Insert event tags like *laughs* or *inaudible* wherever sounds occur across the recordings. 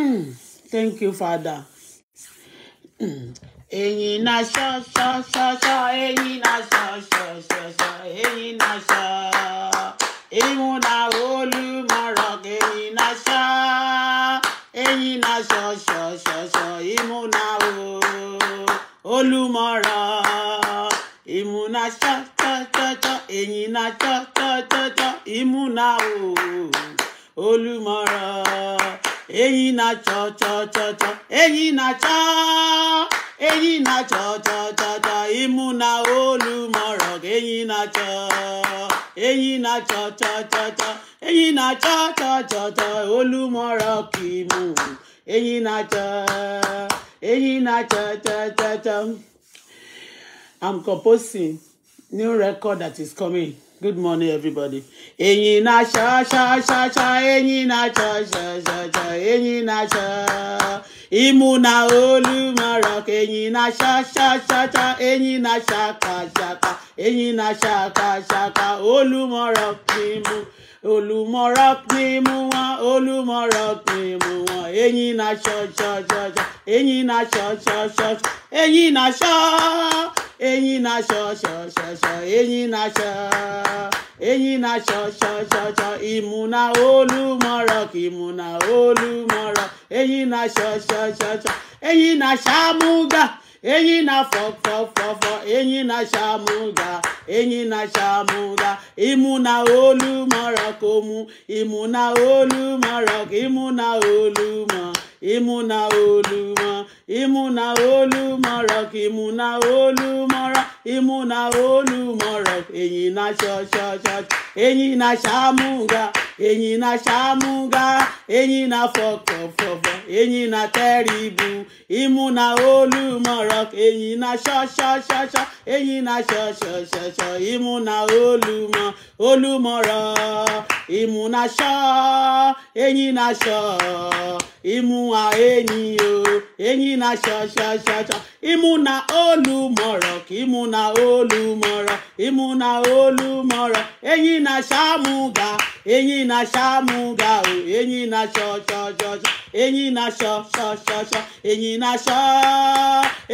Mm. Thank you, Father. Mm. Ẹ̀yin náà ṣọ ṣọ ṣọ ṣọ ẹ̀yin náà ṣọ ṣọ ṣọ ṣọ ẹ̀yin náà ṣọ ìmúna olùmọ̀ràn ẹ̀yin náà ṣọ ẹ̀yin náà ṣọ ṣọ ṣọ ṣọ ìmúna olùmọ̀ràn ìmúna ṣọ ṣọ ṣọ ṣọ ẹ̀yin náà ṣọ ṣọ ṣọ ṣọ ìmúna olùmọ̀ràn eyi na chọ chọ chọ chọ eyi na chọ eyi na chọ chọ chọ chọ imu na olu mọrọ eyi na chọ eyi na chọ chọ chọ chọ eyi na chọ chọ chọ chọ olu mọrọ kimu eyi na chọ eyi na chọ chọ chọ chọ I'm composing new record that is coming. Good morning, everybody. Eyin na sha sha sha sha, eyin na sha sha sha sha, eyin na sha. Imu na olu mara. eyin na sha sha sha sha, eyin na sha ka sha ka, eyin na sha ka sha ka, mara imu. Olùmọ̀rọ̀ ni mú wọn, olùmọ̀rọ̀ ni mú wọn, eyín na ṣọ́ ṣọ́ ṣọ́ ṣọ́, eyín na ṣọ́ ṣọ́ ṣọ́, eyín na ṣọ́ eyín na ṣọ ṣọ na ṣọ eyín náà ṣọ eyín náà ṣọ ṣọ ṣọ ṣọ ìmúná olúmọ̀rọ̀ kìmúná olúmọ̀rọ̀ eyín náà ṣọ ṣọ ṣọ ṣọ eyín náà ṣàmúgà eyín náà fọfọfọfọ eyín náà ṣàmúgà eyín náà ṣàmúgà ìmúná olúmọ̀rọ̀ kò mú ìmúná olúmọ̀rọ̀ ìmúná olúmọ̀rọ̀ imuna oluma, imuna olúmọrọ imuna olúmọrọ imuna olúmọrọ ẹ̀yin na ṣọṣọṣọ ẹ̀yin na ṣàmúga ẹ̀yin na ṣàmúga ẹ̀yin na fọkànfọfọ ẹ̀yin na tẹríbu imuna olúmọrọ ẹ̀yin na ṣọṣọṣọṣọ ẹ̀yin na ṣọṣọṣọṣọ imuna oluma, olúmọrọ imu nasho enyi nasho imu a enyi o enyi nasho sho sho sho imu na olùmọ̀rọ̀ imu na olùmọ̀rọ̀ imu na olùmọ̀rọ̀ enyi na ṣàmúga enyi na ṣàmúga o enyi na sho sho sho sho enyi na sho sho sho sho enyi na sho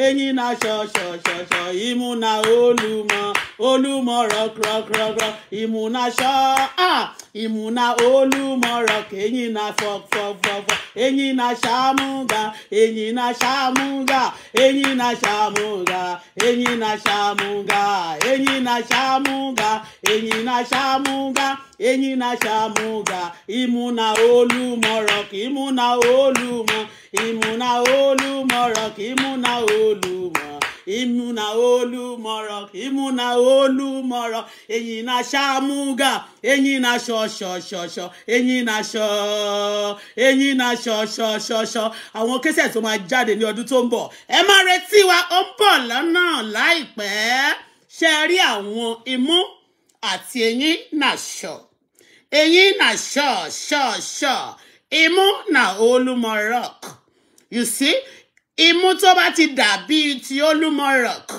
enyi na sho sho sho sho imu na olùmọ̀rọ̀ olúmọ̀rọ̀ kúrọ̀kúrọ̀kúrọ̀ ìmúná ṣọ́ ìmúná olúmọ̀rọ̀ kẹ́yìn náà fọ̀fọ̀fọ̀fọ̀ ẹ̀yìn náà ṣàmúgà ẹ̀yìn náà ṣàmúgà ẹ̀yìn náà ṣàmúgà ẹ̀yìn náà ṣàmúgà ẹ̀yìn náà ṣàmúgà ẹ̀yìn náà ṣàmúgà ẹ̀yìn náà ṣàmúgà ìmúná olúmọ̀rọ̀ ìmúná olúmọ̀ ìmúná olúmọ̀rọ̀ ìmúná olúmọ̀ imuna olùmọ̀rọ̀ imuna olùmọ̀rọ̀ ẹ̀yin na ṣàmúgà ẹ̀yin na ṣọ̀ṣọ̀ṣọ̀ṣọ̀ ẹ̀yin na ṣọ̀ ẹ̀yin na ṣọ̀ṣọ̀ṣọ̀ṣọ̀ àwọn kẹsẹ̀ tó máa jáde ní ọdún tó ń bọ̀ ẹ má retí wa ó ń bọ̀ lọ́nà láìpẹ́ ṣe rí àwọn imú àti ẹ̀yin na ṣọ̀ ẹ̀yin na ṣọ̀ṣọ̀ṣọ̀ imú na olu olùmọ̀rọ̀ you see imú tó bá ti dàbí ti Olúmọ rock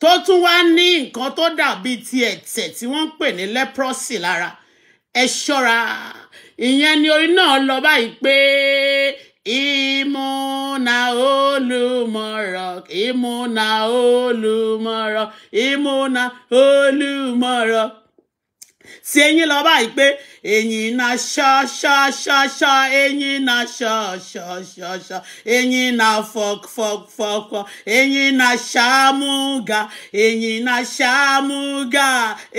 tó tún wá ní nǹkan tó dàbí ti ẹ̀tẹ̀ tí wọ́n ń pè ní leprosy lára ẹ ṣọ́ra ìyẹn ni orin náà lọ báyìí pé imú na Olúmọ rock imú na Olúmọ imú na Olúmọ tí eyín lọ báyìí pé eyín na ṣá ṣá ṣá ṣá eyín na ṣá ṣá ṣá ṣá eyín na fọk fọk fọk fọk eyín na ṣàmúga eyín na ṣàmúga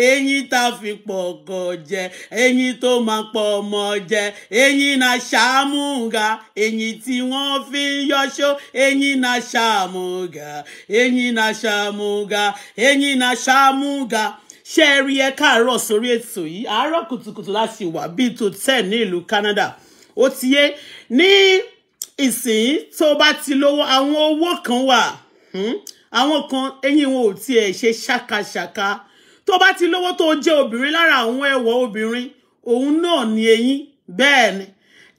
eyín tá fi pọ̀kọ̀ jẹ eyín tó máa pọ̀ ọmọ jẹ eyín na ṣàmúga eyín tí wọ́n fi ń yọṣọ eyín na ṣàmúga eyín na ṣàmúga eyín na ṣàmúga ṣé ẹ rí ẹ káàárọ̀ sórí ètò yìí àárọ̀ kùtùkùtù láti wà bíi tó tẹ̀ ní ìlú Canada ó ti yé ní ìsìn tó bá ti lówó àwọn owó kan wà hmm? àwọn kan eyín wọn ò tiẹ̀ ṣe ṣàkàṣàkà tó bá ti lówó tó jẹ́ obìnrin lára àwọn ẹ̀wọ̀ obìnrin òun náà ni eyín bẹ́ẹ̀ ni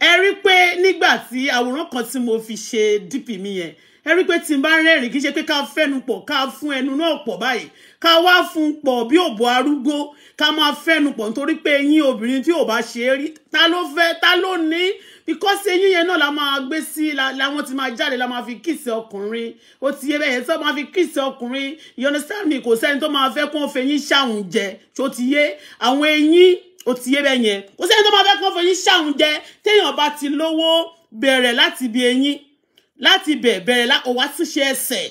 ẹ rí pé nígbà tí àwòrán kan tí mo fi ṣe dp mi yẹn ẹ rí pé tí n bá ń rẹ́rìn kì í ṣe pé ká fẹ́nu pọ̀ ká fún ẹnu náà pọ̀ báyìí ká wá fún pọ̀ bí òbò arúgbó ká máa fẹ́nu pọ̀ nítorí pé eyín obìnrin tí ò bá ṣe é rí ta ló fẹ́ ta ló ní because eyín yẹn náà la máa gbé sí làwọn ti máa jáde la máa fi kìsì ọkùnrin ó ti yé bẹ́ẹ̀ sọ máa fi kìsì ọkùnrin you understand me kò sẹ́ni tó máa fẹ́ kó o fẹyín ṣàwùn jẹ tó ti yé àwọn eyín ó ti yé bẹ́ẹ̀ yẹn kò sẹ́ni tó máa fẹ́ kó o fẹyín ṣàwùn jẹ téèyàn bá ti lówó bẹ̀rẹ̀ láti ibi eyín láti bẹ̀ bẹ̀rẹ̀ lákò wá síṣe ẹsẹ̀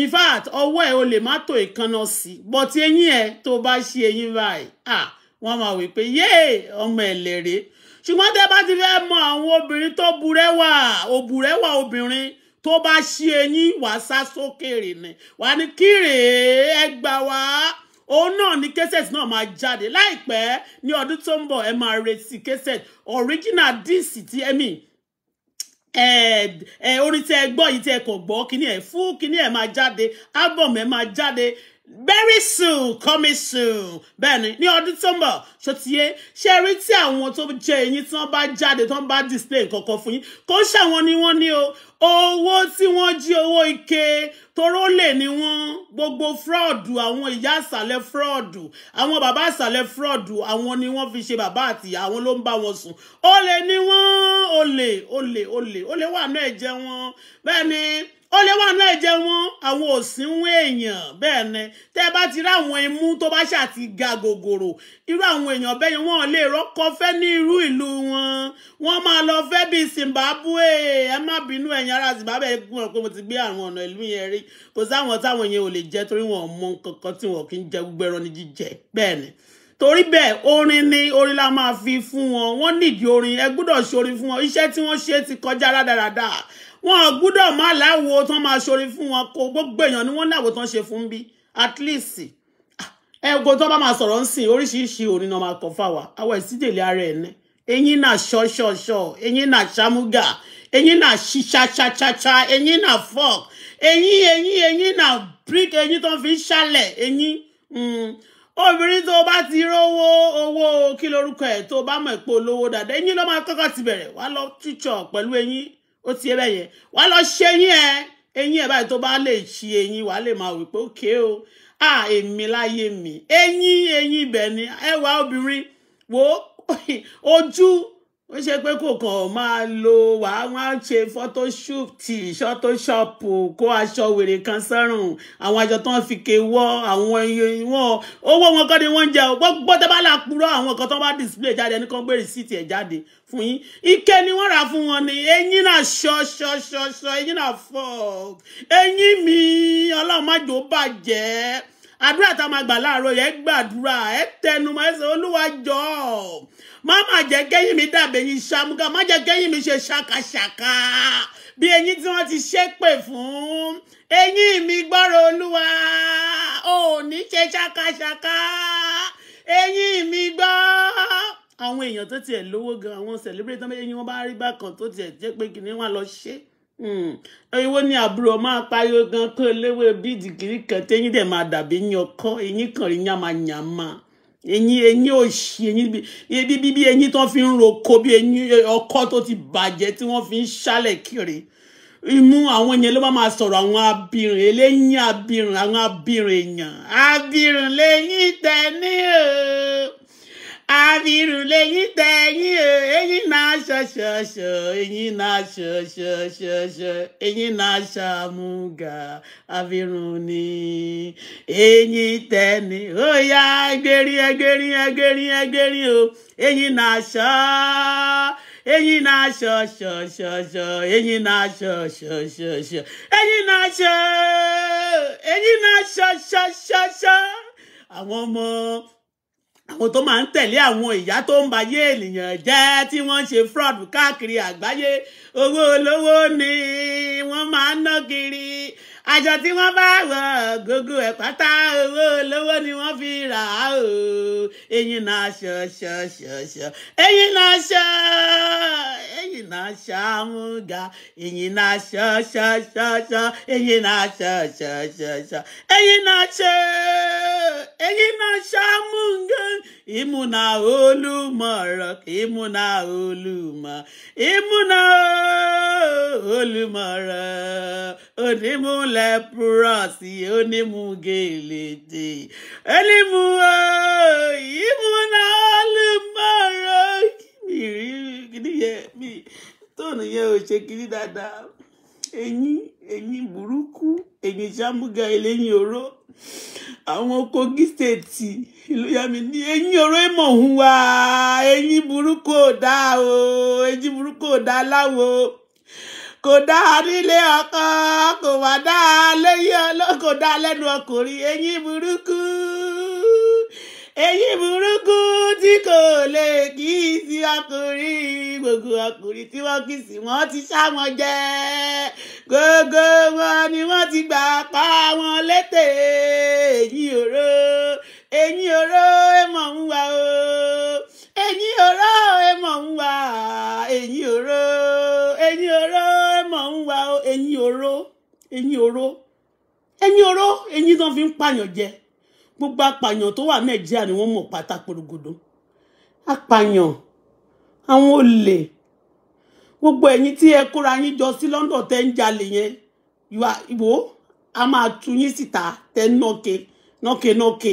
in fact ọwọ́ ẹ̀ o lè má tó ìkànnà sí but eyín ẹ̀ tó bá ṣe eyín báyìí ah wọ́n máa wí pé yéè ọmọ ẹ̀lẹ́rẹ́ ṣùgbọ́n tẹ́ bá ti fẹ́ mọ àwọn obìnrin tó burẹ́wà òbúrẹ́wà obìnrin tó bá ṣí eyín wàá sá sókèrè ni wàá ní kírè ẹ gbà wá òun náà ni cassette náà máa jáde láìpẹ́ ní ọdún tó ń bọ̀ ẹ máa retí cassette original disc ti ẹ̀mí orin tí ẹ gbọ́ yìí tí kò gbọ́ kíní ẹ̀ fún kíní ẹ̀ máa jáde album ẹ̀ máa jáde very soon coming soon bẹ́ẹ̀ ni ní ọdún tó ń bọ̀ ṣòtìyé ṣe rí tí àwọn tó jẹ eyín tí wọ́n bá jáde tó ń bá display kankan fún yín kò ń ṣàwọn ni wọ́n ní o owó tí wọ́n jí owó ike toró lè ní wọ́n gbogbo fúrọ́ọ̀dù àwọn ìyá àsàlẹ̀ fúrọ́ọ̀dù àwọn bàbá àsàlẹ̀ fúrọ́ọ̀dù àwọn ni wọ́n fi ṣe bàbá àti ìyá àwọn ló ń bá wọn sùn olè ni wọ́n olè olè olè olè wà náà ẹ̀jẹ̀ wọn bẹ́ẹ̀ ó lè wà náà jẹ wọn àwọn òsínwó èèyàn bẹ́ẹ̀ ni tẹ́ ẹ bá ti rí àwọn imú tó bá ṣáà ti ga gògòrò irú àwọn èèyàn bẹ́ẹ̀ yẹn wọ́n lè rọ́kọ fẹ́ ní irú ìlú wọn wọ́n máa lọ fẹ́ bíi Zimbabwe ẹ má bínú ẹ̀yin ará Zimbabwe ẹ gbọ́n pé mo ti gbé àwọn ọ̀nà ìlú yẹn rí kò sáwọn táwọn yẹn ò lè jẹ torí wọn ò mọ kankan tí wọn kì í jẹ gbogbo ẹran ní jíjẹ bẹ́ẹ̀ ni torí bẹ́ẹ̀ orin ni orin la máa fi fún wọn wọ́n nídìí orin ẹ gbọ́dọ̀ wọn gbúdọ̀ má láwo tán máa ṣorí fún wọn kó gbogbo èèyàn ni wọ́n láwo tán ṣe fún bí at least ah, ẹgbẹ́ tó bá máa sọ̀rọ̀ ń sìn oríṣiríṣi òní náà máa kọ́ fáwa àwọn ìsídèlé ara ẹ̀ ní eyín náà ṣọ́ṣọ́ṣọ́ eyín náà ṣámúgà eyín náà ṣíṣàṣàṣàṣà eyín náà fọ́ọ̀k eyín eyín eyín náà bíríkì eyín tó fi ń ṣálẹ̀ eyín mm. obìnrin tó bá ti rówó owó kí lorúkọ ẹ̀ tó bá mọ̀ pé olówó dáadáa eyín ló máa kọ́kọ́ ti bẹ̀rẹ̀ wá lọ túṣọ̀ pẹ̀lú eyín ó ti ẹbẹ yẹn wàá lọ ṣe eyín ẹ eyín ẹ báyìí tó bá lè ṣe eyín wàá lè máa wí pé ókè o à èmi láyé mi eyín eyín ibẹ̀ ni ẹwà obìnrin wo *laughs* ojú ó ṣe pé kò kàn máa lo wàá wá ṣe photoshooti ṣọtóṣọpù kó aṣọ wèrè kan sọ́rùn àwọn aṣọ tó ń fi ke wọ́ àwọn wọn owó wọn kọ́ ni wọ́n ń jẹ ò gbọ́ bá là kúrò àwọn kan tó bá display jáde ẹnì kan gbé rìsíìtì ẹ̀ jáde fún yín ike ni wọ́n rà fún wọn ni eyín náà ṣọṣọṣọṣọ eyín náà fọ́ eyín mi ọlọ́run má jò bàjẹ́ àdúrà tá a máa gbà láàárọ̀ yẹn gbàdúrà ẹ tẹnu mọ́ ẹsẹ̀ olúwa jọ má má jẹ́ kẹ́yìn mi dàbí ẹyin ṣàmúgà má jẹ́ kẹ́yìn mi ṣe ṣàkàṣàkà bí ẹyin tí wọ́n ti ṣépè fún ẹyin mi gbọ́rọ̀ olúwa ò ní ṣe ṣàkàṣàkà ẹyin mi gbọ́ àwọn èèyàn tó tiẹ̀ lówó gan àwọn celebrate tó ẹyin wọn bá rí bákan tó tiẹ̀ jẹ́ pé kìnìún wa lọ ṣe é ewé hmm. ní àbúrò máa pariwo gan kó eléwé bíi dìgírí kan téyín dẹ̀ máa dàbí yín ọkọ eyín kan rí yàmàyàmà eyín eyín òṣì eyín bí bí eyín tó fi ń roko bí eyín ọkọ tó ti bàjẹ́ tí wọ́n fi ń ṣálẹ̀ kiri imú àwọn yẹn ló bá máa sọ̀rọ̀ àwọn abirùn eléyìn abirùn àwọn abirùn èèyàn abirùn lẹ́yìn tẹ̀ ní o àbírù lẹ́yìn tẹ̀yìn o ẹ̀yìn náà ṣọ̀ṣọ̀ṣọ̀ ẹ̀yìn náà ṣọ̀ṣọ̀ṣọ̀ṣọ̀ ẹ̀yìn náà ṣàmúgà àbírù ni ẹ̀yìn tẹ̀ni ó yá ẹgbẹ́rin ẹgbẹ́rin ẹgbẹ́rin ẹgbẹ́rin o ẹ̀yìn náà ṣọ́ ẹ̀yìn náà ṣọ̀ṣọ̀ṣọ̀ṣọ̀ ẹ̀yìn náà ṣọ̀ṣọ̀ṣọ̀ṣọ̀ ẹ̀yìn náà ṣọ̀ ẹ̀yìn náà ṣọ̀ṣọ̀ṣọ̀ṣọ̀ àwọn ọmọ àwọn tó máa ń tẹ̀lé àwọn ìyá tó ń bayé ènìyàn jẹ́ tí wọ́n ń ṣe fraud káàkiri àgbáyé owó olówó ni wọ́n máa ń ná kiri àjọ tí wọ́n bá wọ̀ gógó ẹ̀ pátá owó olówó ni wọ́n fi rà á o ẹ̀yin náà ṣọ ṣọ ṣọ ṣọ ẹ̀yin náà ṣọ ẹ̀yin náà ṣọ àmúga ẹ̀yin náà ṣọ ṣọ ṣọ ṣọ ẹ̀yin náà ṣọ ṣọ ṣọ ṣọ ẹ̀yin náà ṣọ ẹ̀yin náà ṣáàmù gan imuna olùmọ̀ràn ìmúná olùmọ̀ ìmúná olùmọ̀ràn onímúlẹ̀ púrọ̀sì onímúgèlèdè onímú ìmúná olùmọ̀ràn kìnìyẹ mi tóun yẹn ò ṣe kiri dáadáa. ẹ̀yin ẹ̀yin burúkú ẹ̀yin ṣàmúga ẹlẹ́yin oró àwọn Kogi state ìlú yàmi ní ẹ̀yin oró ìmọ̀ òun wá ẹ̀yin burúkú ò o ẹ̀yin burúkú ò láwo kò dá nílé ọkọ kò wá dá lẹ́yìn ọlọ́ kò dá lẹ́nu ọkùnrin èyí burúkú tí kò lè kí sí ọkùnrin gbogbo ọkùnrin tí wọ́n kì sí wọ́n ti ṣá wọn jẹ gbogbo wọn ni wọ́n ti gbà pa wọn létè èyí òró èyí òró èmọ̀ ń wá o èyí òró èmọ̀ ń wá èyí òró èyí òró èmọ̀ ń wá o èyí òró èyí òró èyí òró èyí tán fi ń pààyàn jẹ gbogbo apààyàn tó wà nàìjíríà ni wọ́n mọ̀ pátá porogodo apààyàn àwọn olè gbogbo ẹ̀yin tí ẹ kóra yín jọ sí London tẹ́ ń jalè yẹn ìwò a máa tú yín síta tẹ́ ń nọ́ke nọ́ke nọ́ke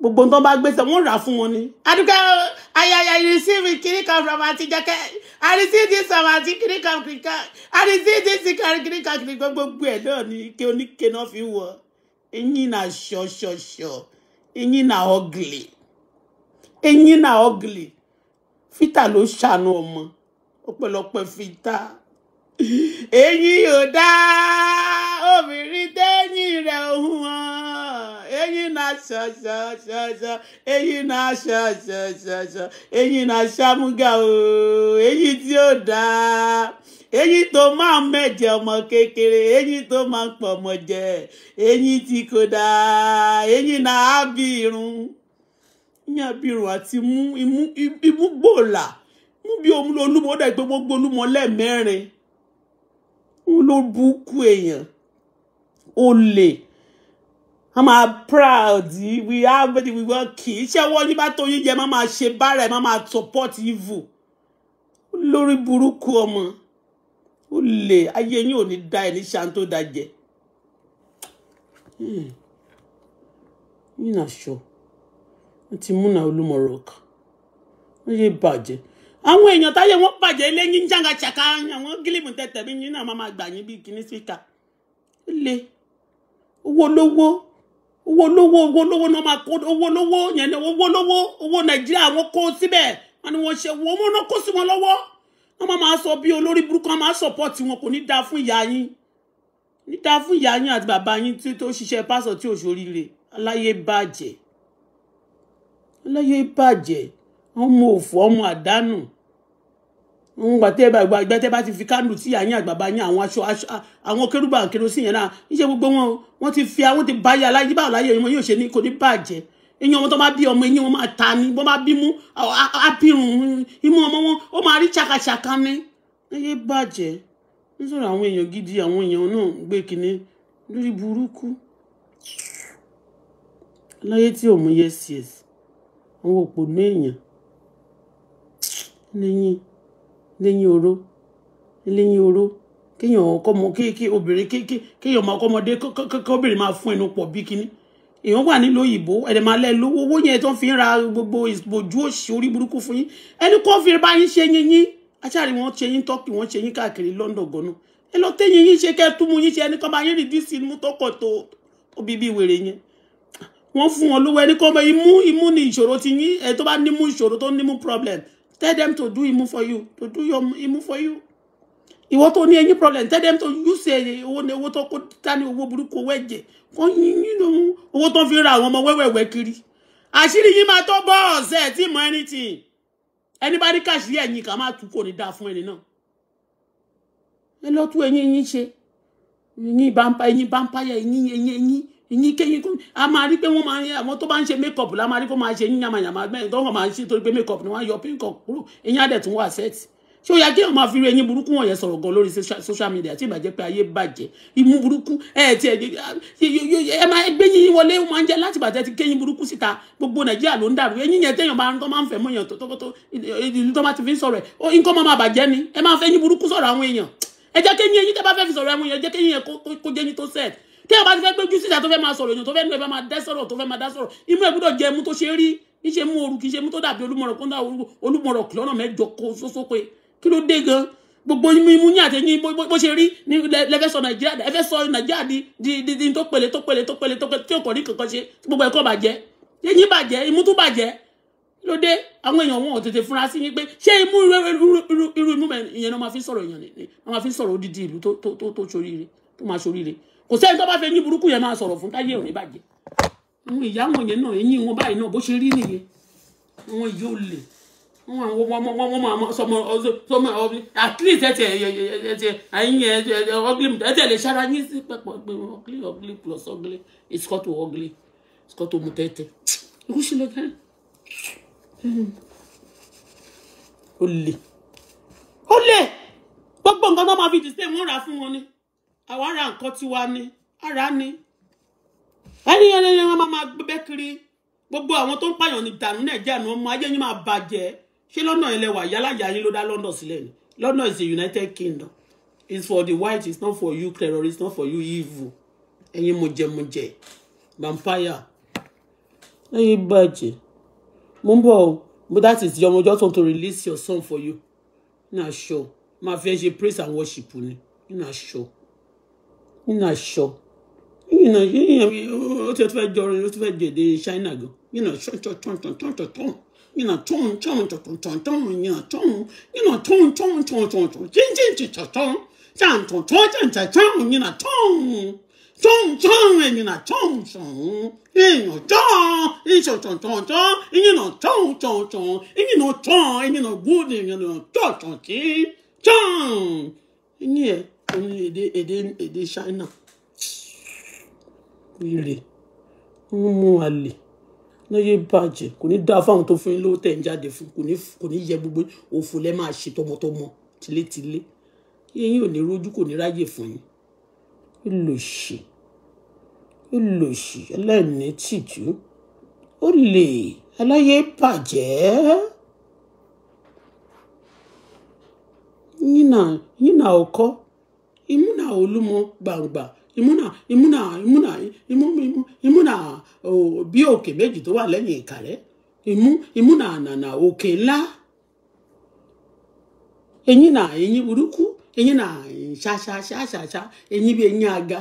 gbogbo nǹkan bá gbèsè wọ́n rà fún wọn ni. adúgbò ayaya ìrísíìmì kiri kan from àtijọkẹ àrísíìdì sọmọ àti kiri kan kiri kan àrísíìdì sikari kiri kan kiri kan gbogbo ẹ náà ni ike oníke náà fi wọ. Enyi na sure, sure, sure. Enyi na ugly. Enyi na ugly. Fita ló ṣàánú ọmọ. Ọ̀pọ̀lọpọ̀ Fita. Ẹ̀yin ò dáa. Obìnrin tẹ́yìn rẹ̀ òun hàn eyín náà ṣàṣàṣàṣà eyín náà ṣàṣàṣàṣà eyín náà ṣàmúgà o eyín tí ó dáa eyín tó máa ń mẹ̀jẹ̀ ọmọ kékeré eyín tó máa ń pọ̀ ọmọ jẹ eyín tí kò dáa eyín náà á bí irun ní abirùn àti imú gbòòlà mú bí olúmọ ó dà pé wọ́n gbólúmọ lẹ́ẹ̀mẹ́rin ń ló bú kú èèyàn olè máa proud we have we were key iṣẹ́ wọ́n ní bá tó yín jẹ má máa ṣe bára ẹ̀ má máa support evil lórí burúkú ọmọ ó lè ayé yín ò ní da ẹ̀ ní ṣan tó da jẹ hmm. yín àṣọ wọn ti múnà olúmọ̀rọ̀ kan wọn yé bàjẹ́ àwọn èèyàn táyé wọn bàjẹ́ ilé yín jàǹgà ṣàkà àwọn gílìmù tẹ̀tẹ̀ bí yín náà máa gbà yín bí kíní síta ó lè owó lówó owó olówó owó olówó náà máa kó owó olówó yẹn ní owó olówó owó nàìjíríà wọn kó síbẹ̀ wọn ni wọn ṣe wọn wọn náà kó sí wọn lọ́wọ́ wọn máa máa sọ bí olórí burúkú wọn máa sọpọ́ọ̀tì wọn kò ní dáa fún ìyá yín ní dáa fún ìyá yín àti bàbá yín tí tó ṣiṣẹ́ pásọ̀ tí ò ṣoríire aláyé bàjẹ́ aláyé bàjẹ́ ọmọ òfò ọmọ àdánù ngbà tẹ bá gbà gbà tẹ bá ti fi kándù tí àyín àgbàbá yín àwọn aṣọ àwọn kérúbà kérosí yẹn náà níṣẹ gbogbo wọn wọ́n ti fi àwọn ti bá yà láyé báwo láyé wọn yóò ṣe ní kò ní bàjẹ́ eyín ọmọ tó bá bí ọmọ eyín wọn máa ta ni wọ́n bá bí mú apirun imú ọmọ wọn ó máa rí ṣàkàṣàkà ni ẹyẹ bàjẹ́ nítorí àwọn èèyàn gidi àwọn èèyàn náà gbé kínní lórí burúkú láyé tí ò mú yes yes àwọn òpònú èèyàn lẹ́yìn lẹ́yìn oró lẹ́yìn oró kéèyàn kọmọ kí kí obìnrin kí kí kéèyàn máa kọmọdé kọbìnrin máa fún ẹnu pọ̀ bí kínní èèyàn wà nílò òyìnbó ẹ̀dẹ̀ máa lẹ́ lówó owó yẹn tó ń fi ra gbogbo ìbojú òṣì orí burúkú fún yín ẹni kó fi bá yín ṣe yín yín aṣáàrí wọn ṣe yín tọ́kì wọn ṣe yín káàkiri London gan-an ẹ lọ téyìn yín ṣe kẹ́ túmú yín ṣe ẹni kan bá yín rìdíìsì imú tọkọ̀ tó tóbi bí wèrè yẹn wọ́n fún wọn lówó ẹni kan bá imú imú ni ìṣòro ti yín ẹ tó bá nímú ìṣòro tó nímú problem tell them to do imú for you to do your imú for you ìwọ tó ní ẹyin problem tell them to use eh, owó ní owó tó kó dání owó burúkú owó ẹ̀jẹ̀ kan nínú owó tó fi ra àwọn ọmọ wẹ́wẹ̀wẹ́ kiri àṣírí yìí máa tó bọ́ ọ̀sẹ̀ tí mọ anything ẹni bá ní káṣírí ẹ̀yìn kà máa tú kò ní dáa fún ẹni náà ẹ lọ tú ẹyin yín ṣe ẹyin bàmpá ẹyin bàmpá yẹ ẹyin ẹyin ẹyin ẹyin kẹyìn kún a máa rí pé wọn máa ń àwọn tó bá ń ṣe make up la máa rí pé wọn máa ṣe yín yamayama mẹ́rin tó wọn máa ń ṣe torí pé make up ni wọn yọ pink up kúrò ẹyin adẹ̀ tún wà sẹ́ẹ̀tì ṣé ó yà kí èèyàn máa fi rí ẹyin burúkú wọ̀nyẹn sọ̀rọ̀ gan lórí social media tí ìbàjẹ́ pé ayé bàjẹ́ imú burúkú ẹ ti ẹ máa gbé yín wọlé ó máa ń jẹ láti bàjẹ́ ti kéyín burúkú síta gbogbo nàìjíríà ló ń dàrú ẹyin yẹn téèyàn máa ń tọ́ máa ń fẹ́ mọ́ èèyàn tó ìlú tó máa ti fi ń sọ̀rọ̀ ẹ̀ nǹkan máa máa bàjẹ́ ni ẹ máa fẹ́ yín burúkú sọ̀rọ̀ àwọn èèyàn ẹ jẹ́ kéyín ẹyin tẹ́ bá fẹ́ fi sọ̀rọ̀ àwọn èèyàn ẹ jẹ́ kéyín yẹn kó jẹ́ yín tó sẹ́ẹ̀t téèyàn bá ti fẹ́ gbójú síta tó fẹ́ máa sọ̀rọ̀ èèyàn tó fẹ́ nu máa dẹ́ sọ̀rọ̀ tó fẹ́ máa dá sọ̀rọ̀ imú ẹ gbọ́dọ̀ jẹ ẹmu tó ṣe rí kì ṣe mú oru kì ṣe mú tó dàbí olúmọ̀rọ̀ kó ń dá olúmọ̀rọ̀ kìlọ́nà mẹ́jọ kó sósó pé kí ló dé gan gbogbo imú yín àtẹ̀yìn bó ṣe rí ní lẹ́fẹ́ sọ nàìjíríà ẹ fẹ́ sọ nàìjíríà di di di tó pèlè tó pèlè tó pèlè tó pèlè tí ò kò ní kankan ṣe gbogbo ẹ̀kọ́ bàjẹ́ yín bàjẹ́ imú tún bàjẹ́ ló dé àwọn èèyàn wọn ò tètè fúnra sí yín pé ṣé imú irú imú ìyẹn náà máa fi sọ̀rọ̀ èèyàn ni wọ́n máa fi sọ̀rọ̀ odidi ìlú tó tó tó ṣoríire tó máa ṣoríire kò sẹ́ni tó bá fẹ́ yín burúkú yẹn máa sọ̀rọ̀ fún táyé òní bàjẹ́ àwọn ìyá wọn yẹn náà eyín wọn báyìí náà bó ṣe rí nìyẹn wọn yóò lè at least ẹ tiẹ̀ ẹ tiẹ̀ ayin ẹ ugly ẹ tiẹ̀ lè ṣara ugly ugly plus ugly it's got to ugly it's got to mu tẹ́tẹ́ ikú sí lọ kẹrin ó lè ó lè gbogbo nǹkan tó máa fi dìstẹ́ wọ́n rà fún wọn ni àwa ra nǹkan tiwa ni ara ni ẹni ẹni wọn máa gbé kiri gbogbo àwọn tó ń pààyàn ní dànù nàìjíríà ni wọn mú ayé yín máa bàjẹ́ ṣé london ilẹ̀ wà yálàjà yín ló dá london sílẹ̀ ni london is the united kingdom is for the white it's not for you terrorist it's not for you evil ẹ̀yin mọ̀jẹ̀mọ̀jẹ̀ vampire ẹ̀yin bàjẹ́ mo ń bọ̀ but that is your want to release your son for you ina sure máa fẹ́ ṣe praise and worship ni ina sure ina sure ina ó ti fẹ́ jọrin ó ti fẹ́ jẹ̀dẹ̀ china gan ina sure tán tán tán tán tán nyina tong tong tong tong tong tong nyina tong nyina tong tong tong tong tong jin jin ji cha tong zhan tong chuo zhan zai zhang nyina tong tong tong e nyina tong tong e no tong e tong tong tong tong e nyina tong tong tong e nyina tong e nyina wu de nyina tong tong ji tong nye oni èdè èdè èdè China really mo mu àlè lóye bàjẹ́ kò ní dáa fáwọn tó fún yín lówó tẹ̀ ń jáde fún kò ní yẹ gbogbo òfò lẹ́ máa ṣe tọmọtọmọ tilétilé yín ò ní rójú kò ní ráyè fún yín ìlòṣì ìlòṣì ẹlẹ́ni tìjú ó lè aláyé bàjẹ́ yínà yínà ọkọ imúnà olúmọ gbàǹgbà ìmúnà ìmúnà ìmúnà ìmú ìmú ìmúnà bí òkè méjì tó wà lẹ́yìn ìkàrẹ́ ìmú ìmúnà ànànà òkè ńlá eyín nà eyín burúkú eyín nà ṣàṣàṣàṣàṣà eyín bí eyín aga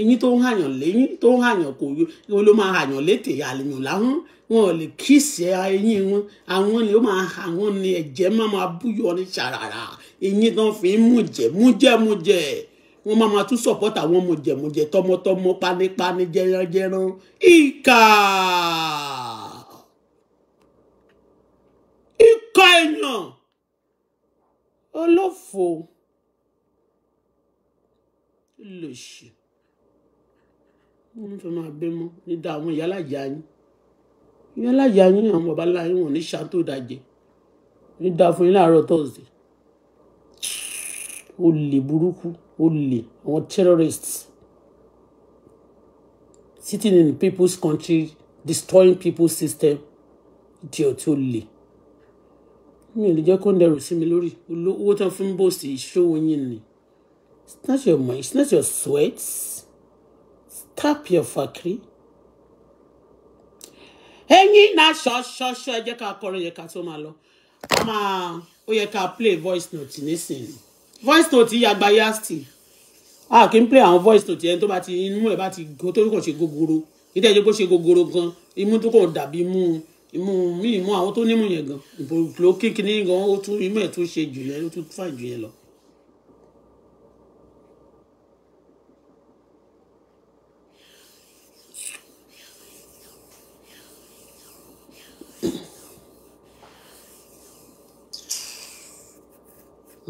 eyín tó ń hàyàn léyín tó ń hàyàn kò yó ló máa hàyàn létè àlèyàn láwọn wọn ò lè kíìsì e, eyín wọn àwọn ni ó máa àwọn ni ẹ̀jẹ̀ máa máa búyọ ní ṣàràrà eyín tán fi ń mújẹ mújẹ mújẹ. mújẹ wọ́n máa máa tún support àwọn mọ̀jẹ̀mọ̀jẹ̀ tọmọtọmọ panípaní jẹranjẹran ìkà ìkà èèyàn olófò lòṣì wọ́n fẹ́ máa bímọ ní dá àwọn ìyá alájà yín ìyá alájà yín àwọn bàbá láyé wọn ní ṣàtò ìdajẹ ní dá fún yín láàárọ̀ tọ́sídẹ̀ẹ́ ó lè burúkú. Only or terrorists sitting in people's country destroying people's system di ọtí olè mi ò lè jẹ́ kó ń dẹrù sí mi lórí owó tó fún mi bó sì ṣòwò yín ni snatch your money snatch your sweat Stop your factory. ẹ̀yin náà ṣọṣọṣọ ẹ jẹ́ ká kọrin yẹn ká tó máa lọ a máa ó yẹ ká play voice note nísìnyí voice note yàgbá yàtì a kì í play àwọn voice note yẹn tó bá ti inú ẹ̀ bá ti tó kàn ṣe gogoro níta ẹ̀jẹ̀ kó ṣe gogoro gan imú tó kàn dàbí imú imú mí imú àwọn tó nímú yẹn gan ìbòló kíkiní gan ó tún imú ẹ̀ tún ṣe jù yẹn ó tún fà jù yẹn lọ.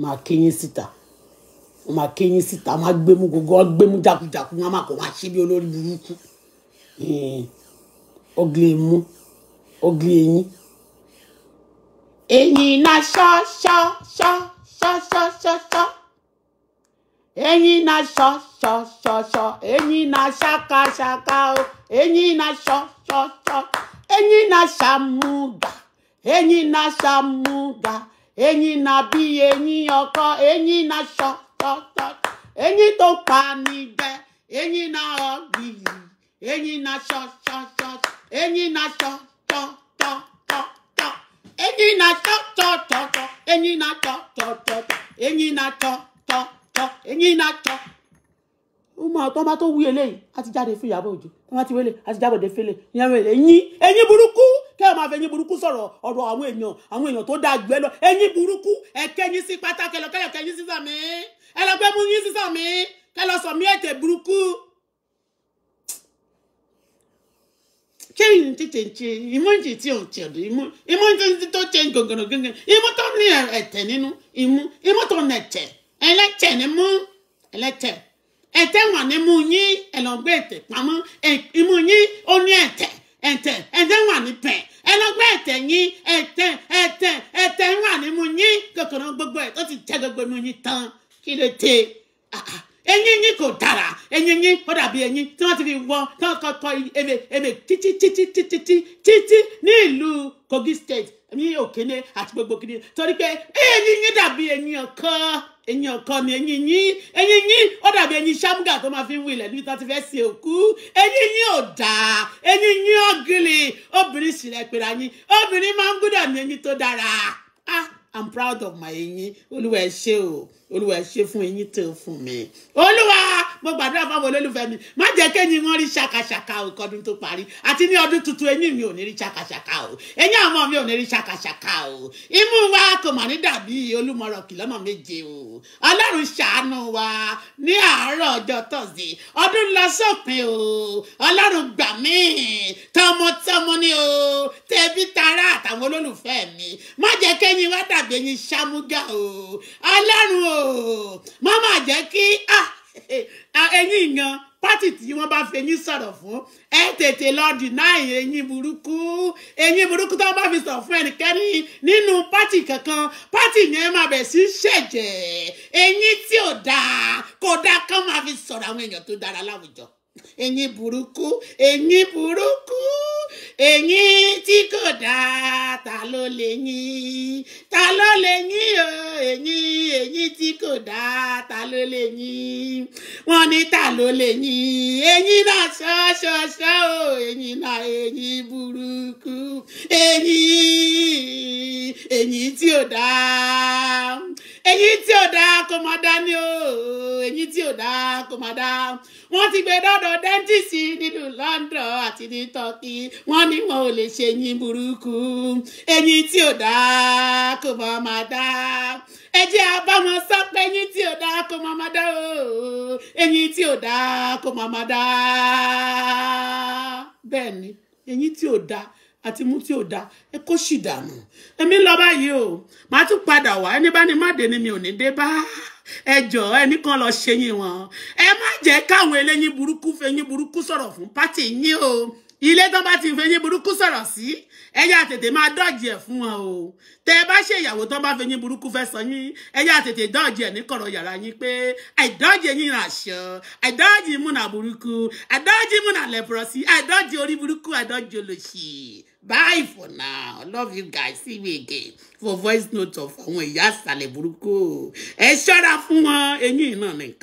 máa kéyín síta wọn máa ké yín síta wọn á gbé mú gbogbo wọn gbé mú jákujáku wọn á máa kọ wọn á ṣe bí olórí burúkú ọgìlì mú ọgìlì eyín. ẹ̀yin na ṣọ́ ṣọ́ ṣọ́ ṣọ́ ṣọ́ ṣọ́ ṣọ́ ẹ̀yin náà ṣọ́ ṣọ́ ṣọ́ ṣọ́ ẹ̀yin náà ṣáká ṣáká o ẹ̀yin náà ṣọ́ ṣọ́ ṣọ́ ẹ̀yin náà ṣàmúgà ẹ̀yin náà ṣàmúgà ẹ̀yin náà bí ẹ̀yin ọkọ ẹ̀yin náà ṣọ́ tọ́tọ́ eyín tó pa ni jẹ eyín náà ọ̀gbìn yìí eyín náà ṣọ́ṣọ́ṣọ́ eyín náà ṣọ́ṣọ́ṣọ́ eyín náà ṣọ́ṣọ́ṣọ́ eyín náà ṣọ́ṣọ́ṣọ́ eyín náà ṣọ́ṣọ́ṣọ́ eyín náà ṣọ́ṣọ́ṣọ́ ó máa tọ́ bá tó wí eléyìí á ti jáde fún Ìyábọ̀ Òjó tó bá ti wélé á ti jábọ̀ dé fẹ́lẹ̀ ìyẹn rẹ̀ ẹ̀yìn ẹ̀yìn burúkú kẹ́ ẹ̀ máa fẹ́ ẹ̀yìn burúkú sọ̀rọ̀ ọ̀rọ̀ àwọn èèyàn àwọn èèyàn tó dáa jù ẹ lọ ẹ̀yìn burúkú ẹ̀kẹ́yìn sí pátákẹ́ lọ kẹ́yọ̀ kẹ́yìn sísàn mi ẹ lọ gbé mú yín sísàn mi kẹ́ lọ sọ mí ètè burúkú. change ti change ìmọ̀ ti ti ọ̀tí ọ̀dọ̀ ìmọ̀ ìmọ̀ ti tó change gàngànà gàngànà ìmọ̀ tó ní ẹ̀tẹ̀ nínú ìmọ̀ ìmọ̀ tó ní ẹ̀tẹ̀ ẹlẹ́tẹ̀ ni mú ẹlẹ́tẹ̀ ẹ̀tẹ̀ wà nímú yín ẹlọgbẹ ẹ̀tẹ̀ pamọ́ imú yín ó ní ẹ̀tẹ̀ ẹ̀tẹ̀ ẹ̀tẹ̀ wà ní pẹ ẹlọgbẹ ẹ̀tẹ̀ yín ẹ̀tẹ̀ ẹ̀tẹ̀ ẹ̀tẹ̀ wà nímú yín kòkòrò gbogbo ẹ tó ti jẹ gbogbo imú yín tán kí ló dé ah, ah ẹyin yín kò dára ẹyin yín ó dàbí ẹyin tí wọ́n ti fi wọ tí wọ́n kọ́kọ́ èmè títí títí títí títí ní ìlú Kogi state ní òkèlè àti gbogbo kiri torí pé ẹyin yín dàbí ẹyin ọkọ ẹyin ọkọ ni ẹyin yín ẹyin yín ó dàbí ẹyin ṣámúgà tó máa fi ń wílẹ̀ níbi tó ti fẹ́ sin òkú ẹyin yín ò dáa ẹyin yín ọ̀gìlì obìnrin sì rẹ̀ pèrè àyín obìnrin máa ń gbúdọ̀ ní ẹyin tó dára ah I'm proud of my ẹyin olúwa ẹ ṣé o olúwa ṣe fún eyín tó fún mi olúwa mo gbàdúrà fáwọn olólùfẹ́ mi má jẹ́ kéyìn wọn rí ṣàkàṣàkà o kọ́dún tó parí àti ní ọdún tuntun eyín mi ò ní rí ṣàkàṣàkà o eyín ọmọ mi ò ní rí ṣàkàṣàkà o imú wa kò mà ní dàbí olúmọ̀rọ̀ kìlọ́mọ̀ méje o ọlọ́run ṣàánú wa ní àárọ̀ ọjọ́ tọ̀sí ọdún lọ sópin o ọlọ́run gbà mí tọmọtọmọ ni o tẹbí tará àtàwọn olólùfẹ́ mi má jẹ́ kéyìn wá dàbí eyín ṣámúgà o ọlọ́run o má má jẹ́ kí ẹ̀yin ah, ah, ìyan pátì tí wọ́n bá fi eyín sọ̀rọ̀ fún ẹ tètè lọ dìnáì eyín burúkú eyín burúkú tó bá fi sọ̀rọ̀ fún ẹnikẹ́ni nínú pátì kankan pátì yẹn máa bẹ̀ sí ṣẹ̀jẹ̀ eyín tí ò dáa kò dáa kán máa fi sọ̀rọ̀ àwọn èèyàn tó dára láwùjọ eyín burúkú eyín burúkú ẹ̀yin tí kò dáa ta ló lè yín ta ló lè yín o ẹ̀yin ẹ̀yin tí kò dáa ta ló lè yín wọ́n ní ta ló lè yín ẹ̀yin náà ṣọ́ṣọ́ṣọ́ o ẹ̀yin náà ẹ̀yin burúkú ẹ̀yin ẹ̀yin tí ò dáa ẹ̀yin tí ò dáa kò má dá ní o ẹ̀yin tí ò dáa kò má dá wọ́n ti gbé dọ́dọ̀ dẹ́ńtìsì nínú London àti ní Turkey wọ́n ní wọn ò lè ṣe eyín burúkú eyín tí ò dáa kò mọ̀ ọ́ máa dáa ẹ jẹ́ sọ pé eyín tí ò dáa kó máa máa dá o eyín tí ò dáa kó máa máa dá bẹ́ẹ̀ ni eyín tí ò dáa àti mú tí ò da ẹ kó sì dànù èmi lọ báyìí o màá tún padà wá ẹni bá ní má dé ni mi ò ní dé bá ẹ jọ ẹnì kan lọ ṣe yín wọn ẹ má jẹ́ káwọn eléyín burúkú fẹyín burúkú sọ̀rọ̀ fún pátì yín o ilé tó bá ti fẹyín burúkú sọ̀rọ̀ sí ẹyà tètè máa dọ́ọ̀jì ẹ̀ fún wọn o tẹ ẹ bá ṣe ìyàwó tó bá fẹyín burúkú fẹ́ sọ yín ẹyà tètè dọ́ọ̀jì ẹ̀ ní kọ̀rọ̀ yàrá yín pé àìdọ́ọ̀jì yín àṣọ àìdọ́ọ̀jì múnà burúkú àìdọ́ọ̀jì múnà lẹ́pọ̀rọ̀sí àìdọ́ọ̀jì orí burúkú àìdọ́ọ̀jì olóṣì bye for now love you guys see me again for voice note of àwọn ìyá àsàlẹ̀ burúkú ẹ ṣọ́ra fún wọn eyín náà nìkan.